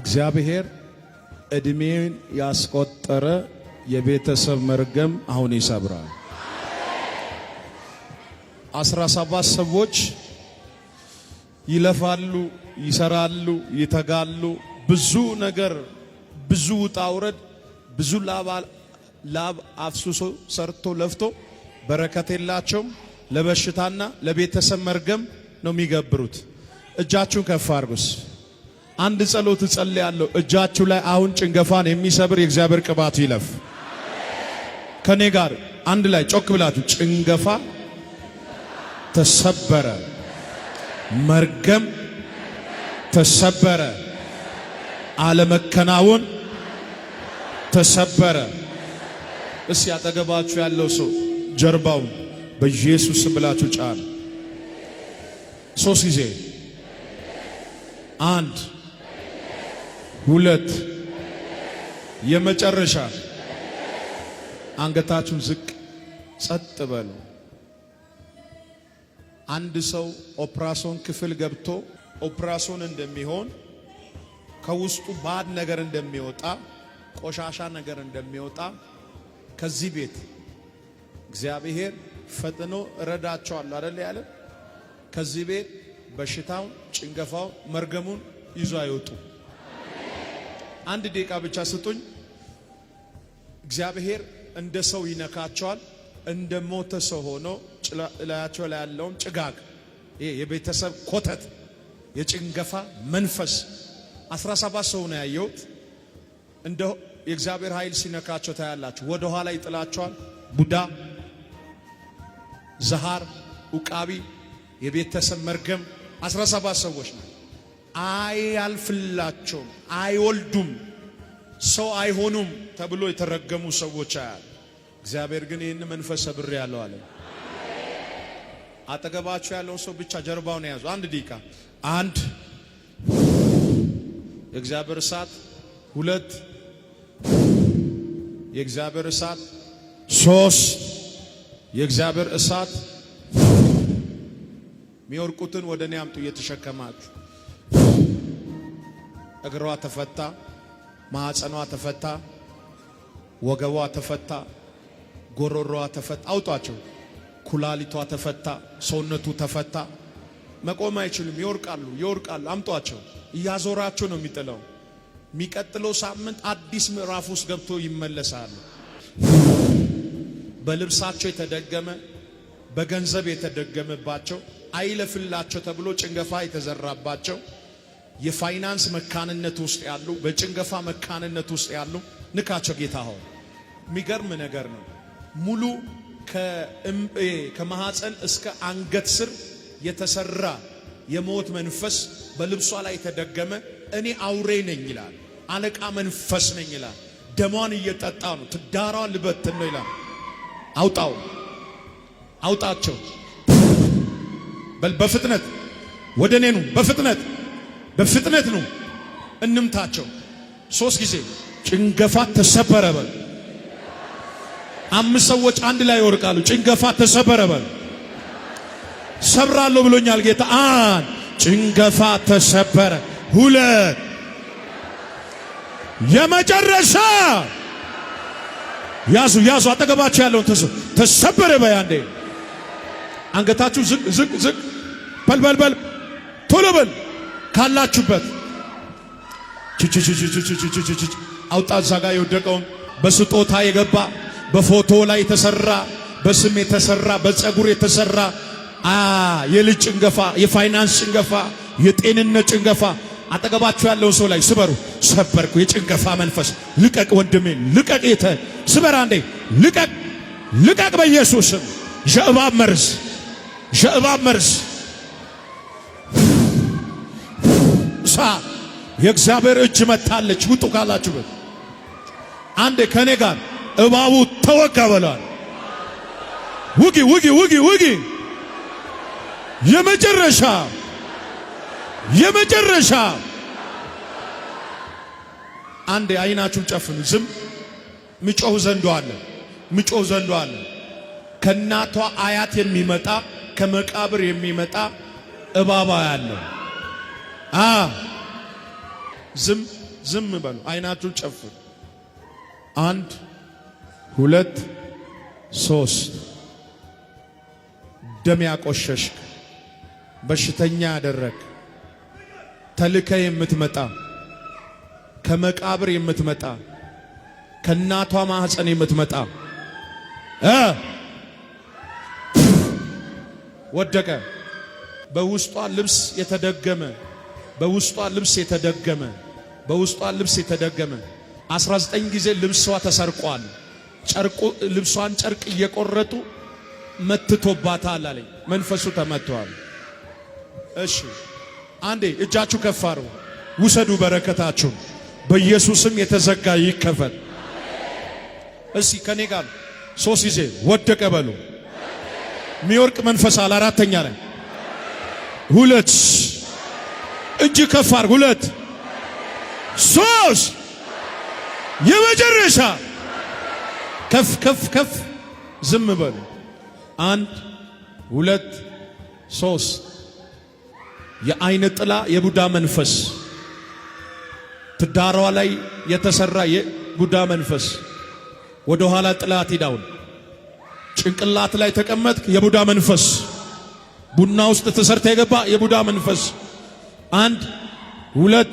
እግዚአብሔር ዕድሜን ያስቆጠረ የቤተሰብ መርገም አሁን ይሰብራል። አስራ ሰባት ሰዎች ይለፋሉ፣ ይሰራሉ፣ ይተጋሉ። ብዙ ነገር፣ ብዙ ውጣ ውረድ፣ ብዙ ላብ አፍሱሶ ሰርቶ ለፍቶ በረከት የላቸውም። ለበሽታና ለቤተሰብ መርገም ነው የሚገብሩት። እጃችሁን ከፍ አርጉስ። አንድ ጸሎት እጸልያለሁ። እጃችሁ ላይ አሁን ጭንገፋን የሚሰብር የእግዚአብሔር ቅባት ይለፍ። ከኔ ጋር አንድ ላይ ጮክ ብላችሁ ጭንገፋ ተሰበረ፣ መርገም ተሰበረ፣ አለመከናወን ተሰበረ። እስ ያጠገባችሁ ያለው ሰው ጀርባውን በኢየሱስ ብላችሁ ጫን ሶስት ጊዜ አንድ ሁለት የመጨረሻ አንገታችሁን ዝቅ ጸጥ በሉ። አንድ ሰው ኦፕራሶን ክፍል ገብቶ ኦፕራሶን እንደሚሆን ከውስጡ ባድ ነገር እንደሚወጣ ቆሻሻ ነገር እንደሚወጣ ከዚህ ቤት እግዚአብሔር ፈጥኖ እረዳቸዋለሁ አይደል ያለ። ከዚህ ቤት በሽታውን፣ ጭንገፋውን፣ መርገሙን ይዞ አይወጡ። አንድ ደቂቃ ብቻ ስጡኝ። እግዚአብሔር እንደ ሰው ይነካቸዋል። እንደ ሞተ ሰው ሆኖ ላያቸው ላይ ያለውን ጭጋግ፣ ይሄ የቤተሰብ ኮተት፣ የጭንገፋ መንፈስ 17 ሰው ነው ያየሁት። እንደ የእግዚአብሔር ኃይል ሲነካቸው ታያላችሁ። ወደ ኋላ ይጥላቸዋል። ቡዳ፣ ዛሃር፣ ኡቃቢ፣ የቤተሰብ መርገም 17 ሰዎች ነው። አያልፍላቸውም፣ አይወልዱም፣ ሰው አይሆኑም ተብሎ የተረገሙ ሰዎች አያል። እግዚአብሔር ግን ይህን መንፈስ ሰብሬ ያለው አለ። አጠገባቸው ያለውን ሰው ብቻ ጀርባውን የያዙ አንድ ደቂቃ አንድ የእግዚአብሔር እሳት ሁለት የእግዚአብሔር እሳት ሶስት የእግዚአብሔር እሳት የሚወርቁትን ወደ እኔ አምጡ እየተሸከማችሁ እግሯ ተፈታ፣ ማኅፀኗ ተፈታ፣ ወገቧ ተፈታ፣ ጎሮሮዋ ተፈታ። አውጧቸው። ኩላሊቷ ተፈታ፣ ሰውነቱ ተፈታ። መቆም አይችሉም። ይወርቃሉ፣ ይወርቃሉ። አምጧቸው። እያዞራቸው ነው የሚጥለው። የሚቀጥለው ሳምንት አዲስ ምዕራፍ ውስጥ ገብቶ ይመለሳሉ። በልብሳቸው የተደገመ በገንዘብ የተደገመባቸው አይለፍላቸው ተብሎ ጭንገፋ የተዘራባቸው የፋይናንስ መካንነት ውስጥ ያሉ፣ በጭንገፋ መካንነት ውስጥ ያሉ ንካቸው። ጌታ ሆይ የሚገርም ነገር ነው። ሙሉ ከማህፀን እስከ አንገት ስር የተሰራ የሞት መንፈስ በልብሷ ላይ የተደገመ እኔ አውሬ ነኝ ይላል። አለቃ መንፈስ ነኝ ይላል። ደሟን እየጠጣ ነው። ትዳሯን ልበትን ነው ይላል። አውጣው፣ አውጣቸው በፍጥነት ወደ እኔ በፍጥነት በፍጥነት ነው እንምታቸው። ሶስት ጊዜ ጭንገፋት ተሰበረ በል። አምስት ሰዎች አንድ ላይ ይወርቃሉ። ጭንገፋት ተሰበረ በል። ሰብራለሁ ብሎኛል ጌታ። አንድ ጭንገፋት ተሰበረ። ሁለት የመጨረሻ ያዙ ያዙ። አጠገባችሁ ያለውን ተሰበረ በይ። አንዴ አንገታችሁ ዝቅ ዝቅ ዝቅ በል በል በል ቶሎ በል ካላችሁበት አውጣ። እዛ ጋር የወደቀውን በስጦታ የገባ በፎቶ ላይ የተሰራ በስም የተሰራ በፀጉር የተሰራ የልጅ ጭንገፋ፣ የፋይናንስ ጭንገፋ፣ የጤንነት ጭንገፋ አጠገባችሁ ያለውን ሰው ላይ ስበሩ። ሰበርኩ። የጭንገፋ መንፈስ ልቀቅ፣ ወንድሜ ልቀቅ፣ የተ ስበር አንዴ ልቀቅ፣ ልቀቅ በኢየሱስም የእባብ መርዝ የእባብ መርዝ ተነሳ። የእግዚአብሔር እጅ መታለች። ውጡ ካላችሁበት አንዴ ከኔ ጋር እባቡ ተወጋ በለዋል። ውጊ ውጊ ውጊ ውጊ። የመጨረሻ የመጨረሻ አንዴ አይናችሁን ጨፍኑ። ዝም ምጮህ ዘንዶ አለ፣ ምጮህ ዘንዶ አለ። ከእናቷ አያት የሚመጣ ከመቃብር የሚመጣ እባባ ያለው ዝም ዝም በሉ። አይናችሁን ጨፍኑ። አንድ ሁለት ሶስት ደም ያቆሸሽክ በሽተኛ ያደረግ ተልከ የምትመጣ ከመቃብር የምትመጣ ከእናቷ ማህፀን የምትመጣ እ ወደቀ በውስጧ ልብስ የተደገመ በውስጧ ልብስ የተደገመ በውስጧ ልብስ የተደገመ 19 ጊዜ ልብሷ ተሰርቋል። ጨርቁ ልብሷን ጨርቅ እየቆረጡ መትቶባታል አለኝ። መንፈሱ ተመቷል። እሺ አንዴ እጃችሁ ከፋሩ ውሰዱ በረከታችሁ በኢየሱስም የተዘጋ ይከፈል። እሺ ከኔ ጋር ሶስት ጊዜ ወደቀ በሉ። ሚወርቅ መንፈስ አለ። አራተኛ ላይ ሁለት እጅ ከፋር ሁለት ሶስት፣ የመጨረሻ ከፍ ከፍ ከፍ። ዝም በሉ። አንድ ሁለት ሶስት። የአይን ጥላ የቡዳ መንፈስ ትዳሯ ላይ የተሰራ የቡዳ መንፈስ ወደ ኋላ ጥላት ሂዳውን ጭንቅላት ላይ ተቀመጥክ የቡዳ መንፈስ ቡና ውስጥ ተሰርተ የገባ የቡዳ መንፈስ አንድ ሁለት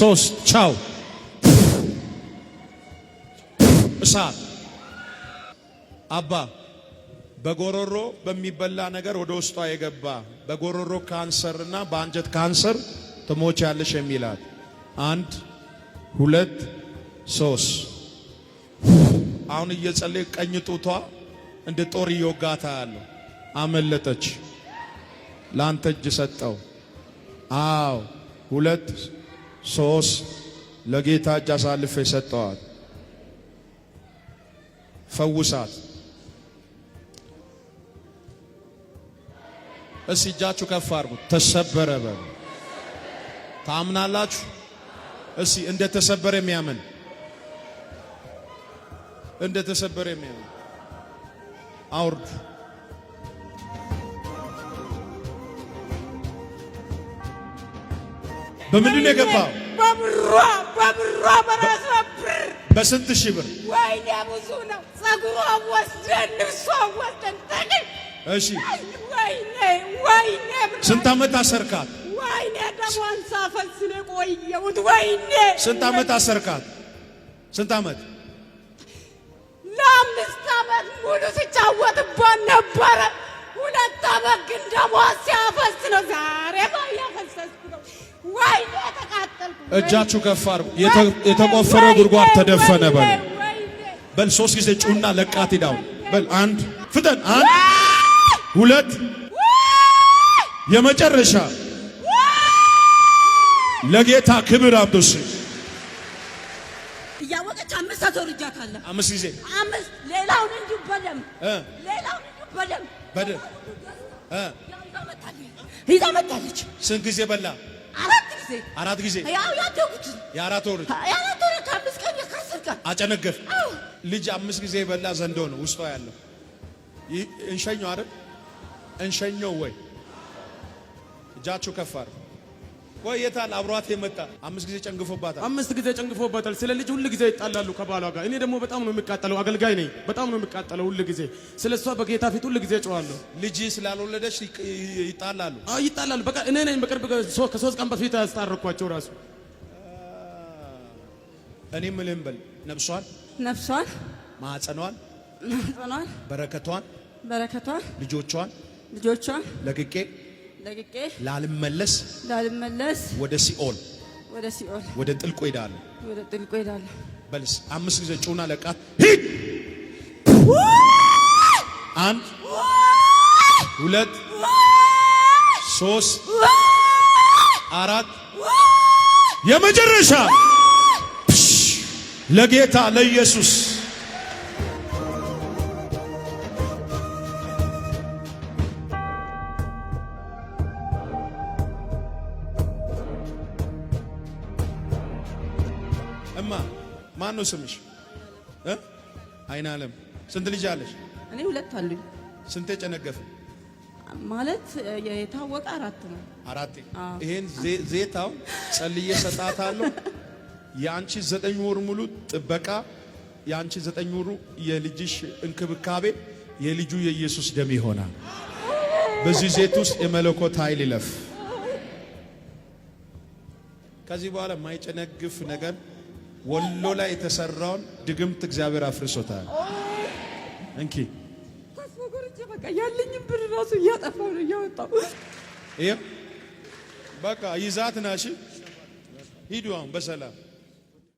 ሶስት ቻው። እሳት አባ በጎሮሮ በሚበላ ነገር ወደ ውስጧ የገባ በጎሮሮ ካንሰርና በአንጀት ካንሰር ትሞች ያለሽ የሚላት አንድ ሁለት ሶስት። አሁን እየጸለየ ቀኝ ጡቷ እንደ ጦር እየወጋታ ያለው አመለጠች። ላንተ እጅ ሰጠው። አዎ ሁለት ሶስት ለጌታ እጅ አሳልፈ ሰጠዋት። ፈውሳት። እስ እጃችሁ ከፍ አድርጉት። ተሰበረ በሉ። ታምናላችሁ? እስቲ እንደ ተሰበረ የሚያምን እንደ ተሰበረ የሚያምን አውርዱ በምንድን ነው የገባው? በብሯ በብሯ በራሷ ብር በስንት ሺህ ብር ወይኔ ብዙ ነው። ጸጉሯ ወስደን ልብሷ ወስደን ጠቅል እሺ፣ ወይኔ ወይኔ ስንት ዓመት አሰርካት? ወይኔ ደግሞ አንሳፈል ስለ ቆየሁት ወይኔ ስንት ዓመት አሰርካት? ስንት ዓመት ለአምስት ዓመት ሙሉ ሲጫወትባት ነበረ። የጠጣ በግ ደሞ ሲያፈስ ነው። ዛሬ እያፈሰስኩ ነው። ወይኔ የተቃጠልኩ። እጃችሁ ከፍ አድርጉ። የተቆፈረው ጉድጓድ ተደፈነ። በል በል፣ ሶስት ጊዜ ጩና ለቃት ዳው በል። አንድ ፍጠን፣ አንድ ሁለት፣ የመጨረሻ ለጌታ ክብር አብዶስ እያወቀች አምስት አቶ አምስት ጊዜ አምስት ሌላውን እንዲሁ በደም ሌላውን እንዲሁ በደም ይዛ መጣለች። ስንት ጊዜ በላ? አራት ጊዜ። አራት ጊዜ ያው ያደጉት የአራት ወር የአራት ወር ከአምስት ቀን ቀን አጨነገፍ ልጅ አምስት ጊዜ በላ ዘንዶ ነው ውስጧ ያለው። እንሸኘው አይደል? እንሸኘው ወይ እጃችሁ ከፍ አድርጉ። ቆይታል አብሯት የመጣ አምስት ጊዜ ጨንግፎባታል። አምስት ጊዜ ጨንግፎባታል። ስለ ልጅ ሁል ጊዜ ይጣላሉ ከባሏ ጋር። እኔ ደግሞ በጣም ነው የሚቃጠለው፣ አገልጋይ ነኝ። በጣም ነው የሚቃጠለው። ሁል ጊዜ ስለ እሷ በጌታ ፊት ሁል ጊዜ ጨዋለሁ። ልጅ ስላልወለደች ይጣላሉ፣ ይጣላሉ። በቃ እኔ ነኝ በቅርብ ከሶስት ቀን በፊት ያስታረኳቸው ራሱ። እኔ ምልህም በል ነፍሷን ነፍሷን ማዕፀኗን ማዕፀኗን በረከቷን በረከቷን ልጆቿን ልጆቿን ለቅቄ ለቅቄ ላልመለስ ላልመለስ ወደ ሲኦል ወደ ሲኦል ወደ ጥልቁ ሄዳለሁ ወደ ጥልቁ ሄዳለሁ። በልስ አምስት ጊዜ ጩና ለቃት። ሂድ አንድ ሁለት ሶስት አራት የመጨረሻ ለጌታ ለኢየሱስ ነው ስምሽ? አይን አለም። ስንት ልጅ አለሽ? እኔ ሁለት አሉኝ። ስንት የጨነገፍ? ማለት የታወቀ አራት ነው። አራት ይሄን ዜታው ጸልዬ ሰጣታለሁ። የአንቺ ዘጠኝ ወር ሙሉ ጥበቃ፣ የአንቺ ዘጠኝ ወሩ የልጅሽ እንክብካቤ፣ የልጁ የኢየሱስ ደም ይሆናል። በዚህ ዜት ውስጥ የመለኮት ኃይል ይለፍ። ከዚህ በኋላ የማይጨነግፍ ነገር ወሎ ላይ የተሰራውን ድግምት እግዚአብሔር አፍርሶታል። እንኪ በቃ ያለኝም ብር ራሱ እያጠፋው ነው እያወጣው። በቃ ይዛት ናሽ ሂዱ አሁን በሰላም